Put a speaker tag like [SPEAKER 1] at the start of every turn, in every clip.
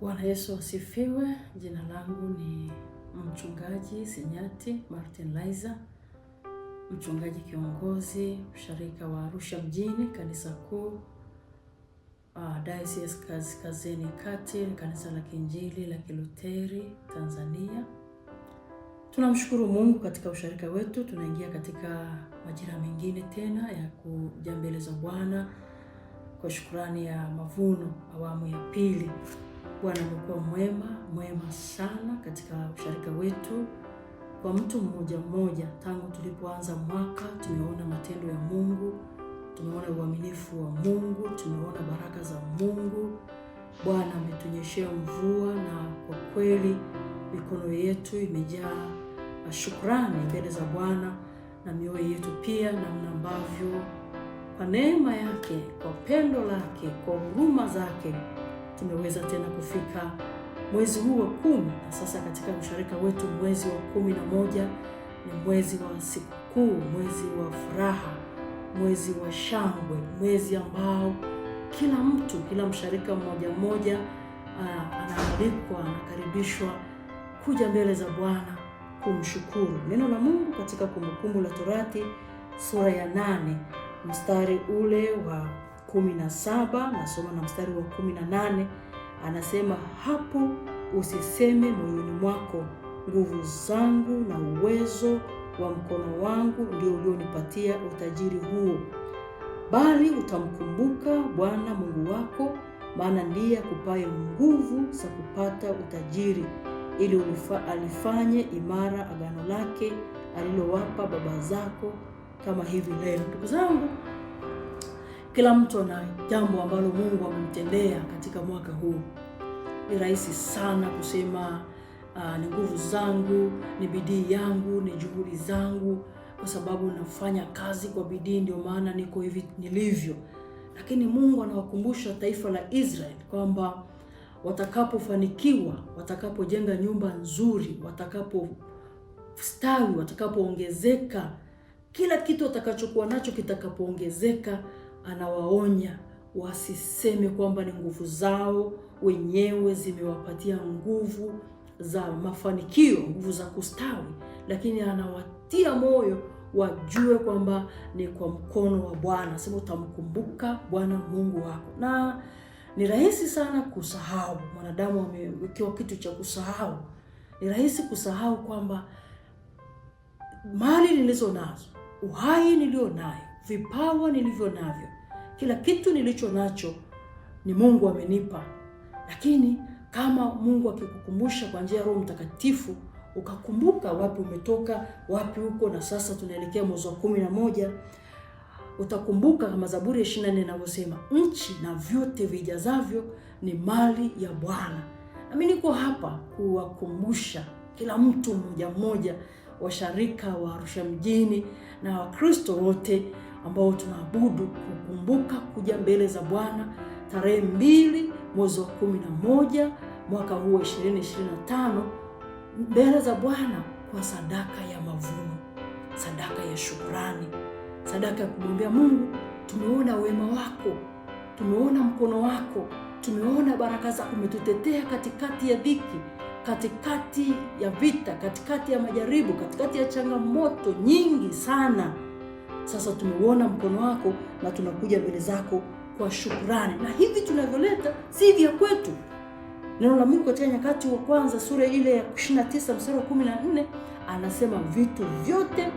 [SPEAKER 1] Bwana Yesu asifiwe. Jina langu ni mchungaji Sinyati Martin Laiza, mchungaji kiongozi mshirika wa Arusha mjini, kanisa kuu uh, Diocese Kaskazini Kati, kanisa la Kiinjili la Kiluteri Tanzania. Tunamshukuru Mungu katika usharika wetu, tunaingia katika majira mengine tena ya kuja mbele za Bwana kwa shukurani ya mavuno awamu ya pili. Bwana amekuwa mwema mwema sana katika usharika wetu kwa mtu mmoja mmoja. Tangu tulipoanza mwaka, tumeona matendo ya Mungu, tumeona uaminifu wa Mungu, tumeona baraka za Mungu. Bwana ametunyeshea mvua, na kwa kweli mikono yetu imejaa shukrani mbele za Bwana na mioyo yetu pia, namna ambavyo kwa neema yake, kwa pendo lake, kwa huruma zake tumeweza tena kufika mwezi huu wa kumi, na sasa katika msharika wetu mwezi wa kumi na moja ni mwezi wa sikukuu, mwezi wa furaha, mwezi wa shangwe, mwezi ambao kila mtu, kila msharika mmoja mmoja ah, anaalikwa, anakaribishwa kuja mbele za Bwana kumshukuru. Neno la Mungu katika Kumbukumbu la Torati sura ya nane mstari ule wa kumi na saba nasoma na mstari wa kumi na nane anasema hapo usiseme moyoni mwako, nguvu zangu na uwezo wa mkono wangu ndio ulionipatia utajiri huo, bali utamkumbuka Bwana Mungu wako, maana ndiye akupaye nguvu za kupata utajiri, ili alifanye imara agano lake alilowapa baba zako kama hivi leo. Ndugu zangu kila mtu ana jambo ambalo Mungu amemtendea katika mwaka huu. Ni rahisi sana kusema uh, ni nguvu zangu, ni bidii yangu, ni juhudi zangu, kwa sababu nafanya kazi kwa bidii, ndio maana niko hivi nilivyo. Lakini Mungu anawakumbusha taifa la Israeli kwamba watakapofanikiwa, watakapojenga nyumba nzuri, watakapostawi, watakapoongezeka, kila kitu watakachokuwa nacho kitakapoongezeka anawaonya wasiseme kwamba ni nguvu zao wenyewe zimewapatia nguvu za mafanikio, nguvu za kustawi, lakini anawatia moyo wajue kwamba ni kwa mkono wa Bwana. Sema utamkumbuka Bwana Mungu wako. Na ni rahisi sana kusahau, mwanadamu amewekewa kitu cha kusahau. Ni rahisi kusahau kwamba mali nilizo nazo, uhai nilio nayo, vipawa nilivyo navyo kila kitu nilicho nacho ni Mungu amenipa, lakini kama Mungu akikukumbusha kwa njia ya Roho Mtakatifu ukakumbuka wapi umetoka, wapi uko na sasa tunaelekea mwezi wa kumi na moja, utakumbuka kama Zaburi ya 24 inavyosema, nchi na vyote vijazavyo ni mali ya Bwana. Nami niko hapa kuwakumbusha kila mtu mmoja mmoja, washarika wa Arusha mjini na Wakristo wote ambao tunaabudu kukumbuka kuja mbele za Bwana tarehe mbili mwezi wa kumi na moja mwaka huu 2025 mbele za Bwana kwa sadaka ya mavuno, sadaka ya shukrani, sadaka ya kumwambia Mungu, tumeona wema wako, tumeona mkono wako, tumeona baraka zako, umetutetea katikati ya dhiki, katikati ya vita, katikati ya majaribu, katikati ya changamoto nyingi sana sasa tumeuona mkono wako na tunakuja mbele zako kwa shukrani, na hivi tunavyoleta si vya kwetu. Neno la Mungu katika Nyakati wa Kwanza sura ile ya 29 mstari wa 14 anasema vitu vyote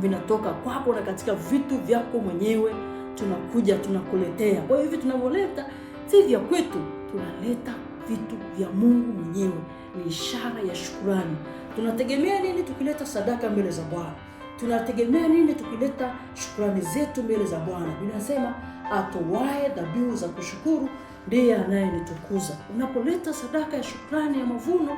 [SPEAKER 1] vinatoka kwako na katika vitu vyako mwenyewe tunakuja tunakuletea. Kwa hivi tunavyoleta si vya kwetu, tunaleta vitu vya Mungu mwenyewe. Ni ishara ya shukrani. Tunategemea nini tukileta sadaka mbele za Bwana? tunategemea nini tukileta shukrani zetu mbele za Bwana? inasema atowae dhabihu za kushukuru ndiye anayenitukuza. Unapoleta sadaka ya shukrani ya mavuno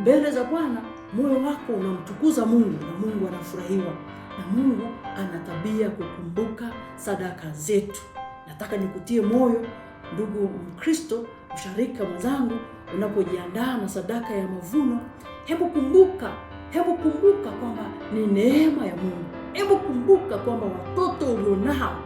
[SPEAKER 1] mbele za Bwana, moyo wako unamtukuza Mungu na Mungu anafurahiwa, na Mungu ana tabia kukumbuka sadaka zetu. Nataka nikutie moyo ndugu Mkristo, msharika mwenzangu, unapojiandaa na sadaka ya mavuno, hebu kumbuka Hebu kumbuka kwamba ni neema ya Mungu. Hebu kumbuka kwamba watoto ulionao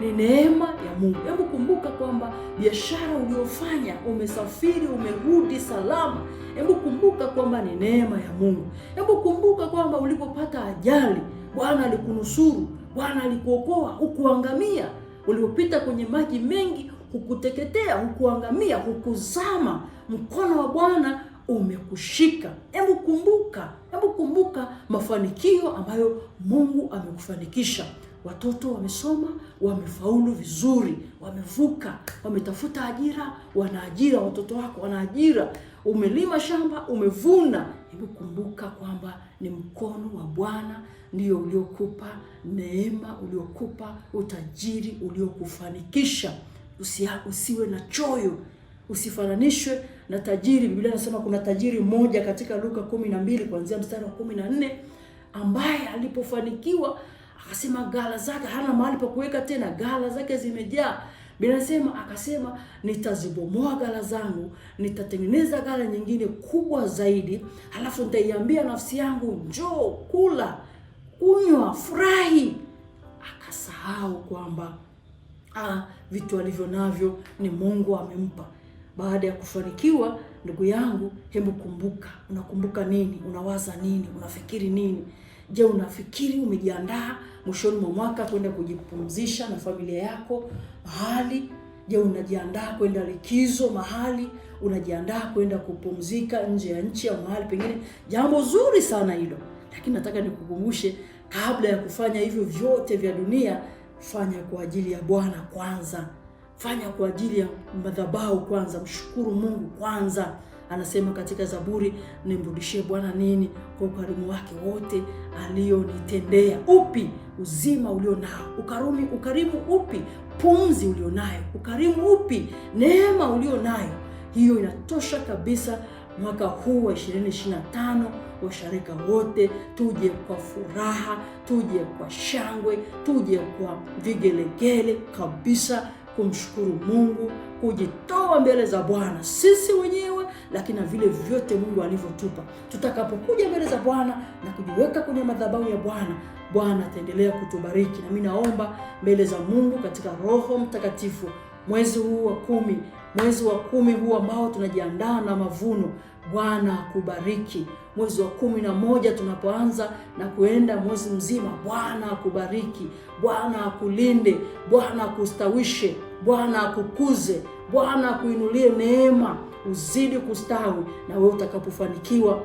[SPEAKER 1] ni neema ya Mungu. Hebu kumbuka kwamba biashara uliyofanya, umesafiri, umerudi salama. Hebu kumbuka kwamba ni neema ya Mungu. Hebu kumbuka kwamba ulipopata ajali, Bwana alikunusuru, Bwana alikuokoa, hukuangamia. Uliopita kwenye maji mengi, hukuteketea, hukuangamia, hukuzama. Mkono wa Bwana umekushika. Hebu kumbuka hebu kumbuka mafanikio ambayo Mungu amekufanikisha. Watoto wamesoma, wamefaulu vizuri, wamevuka, wametafuta ajira, wanaajira, watoto wako wanaajira, umelima shamba, umevuna. Hebu kumbuka kwamba ni mkono wa Bwana ndio uliokupa neema, uliokupa utajiri, uliokufanikisha. Usiwe na choyo usifananishwe na tajiri. Biblia inasema kuna tajiri mmoja katika Luka 12 kuanzia mstari wa 14 ambaye alipofanikiwa akasema ghala zake hana mahali pa kuweka tena, ghala zake zimejaa. Biblia inasema akasema, nitazibomoa ghala zangu, nitatengeneza ghala nyingine kubwa zaidi, halafu nitaiambia nafsi yangu, njoo kula, kunywa, furahi. Akasahau kwamba ah, vitu alivyo navyo ni Mungu amempa baada ya kufanikiwa, ndugu yangu, hebu kumbuka, unakumbuka nini? Unawaza nini? Unafikiri nini? Je, unafikiri umejiandaa mwishoni mwa mwaka kwenda kujipumzisha na familia yako mahali? Je, unajiandaa kwenda likizo mahali? Unajiandaa kwenda kupumzika nje ya nchi au mahali pengine? Jambo zuri sana hilo, lakini nataka nikukumbushe, kabla ya kufanya hivyo vyote vya dunia, fanya kwa ajili ya Bwana kwanza fanya kwa ajili ya madhabahu kwanza, mshukuru Mungu kwanza. Anasema katika Zaburi, nimrudishie Bwana nini? Kwa ukarimu wake wote alionitendea. Upi uzima ulio nao? Ukarimu, ukarimu upi? Pumzi ulio nayo, ukarimu upi? Neema ulio nayo, hiyo inatosha kabisa. Mwaka huu wa 2025 washarika wote tuje kwa furaha, tuje kwa shangwe, tuje kwa vigelegele kabisa kumshukuru Mungu, kujitoa mbele za Bwana sisi wenyewe, lakini na vile vyote Mungu alivyotupa. Tutakapokuja mbele za Bwana na kujiweka kwenye madhabahu ya Bwana, Bwana ataendelea kutubariki. Na mimi naomba mbele za Mungu katika Roho Mtakatifu mwezi huu wa kumi, mwezi wa kumi huu ambao tunajiandaa na mavuno Bwana akubariki. Mwezi wa kumi na moja tunapoanza na kuenda mwezi mzima, Bwana akubariki, Bwana akulinde, Bwana akustawishe, Bwana akukuze, Bwana akuinulie neema, uzidi kustawi na wewe utakapofanikiwa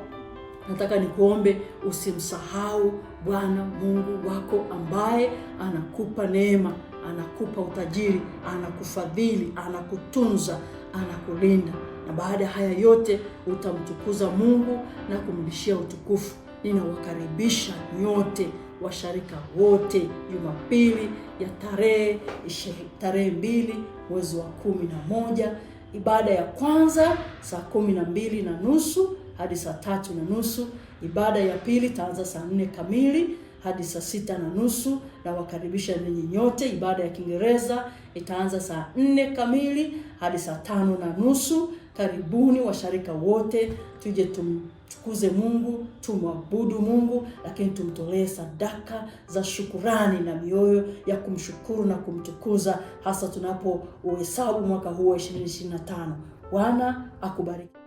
[SPEAKER 1] Nataka nikuombe usimsahau Bwana Mungu wako ambaye anakupa neema, anakupa utajiri, anakufadhili, anakutunza, anakulinda na baada ya haya yote utamtukuza Mungu na kumrudishia utukufu. Ninawakaribisha nyote washarika wote Jumapili ya tarehe tarehe mbili mwezi wa kumi na moja ibada ya kwanza saa kumi na mbili na nusu hadi saa tatu na nusu. Ibada ya pili taanza saa nne kamili hadi saa sita na nusu na wakaribisha ninyi nyote. Ibada ya Kiingereza itaanza saa nne kamili hadi saa tano na nusu. Karibuni washarika wote, tuje tumtukuze Mungu, tumwabudu Mungu, lakini tumtolee sadaka za shukurani na mioyo ya kumshukuru na kumtukuza, hasa tunapo uhesabu mwaka huu wa 2025. Bwana akubariki.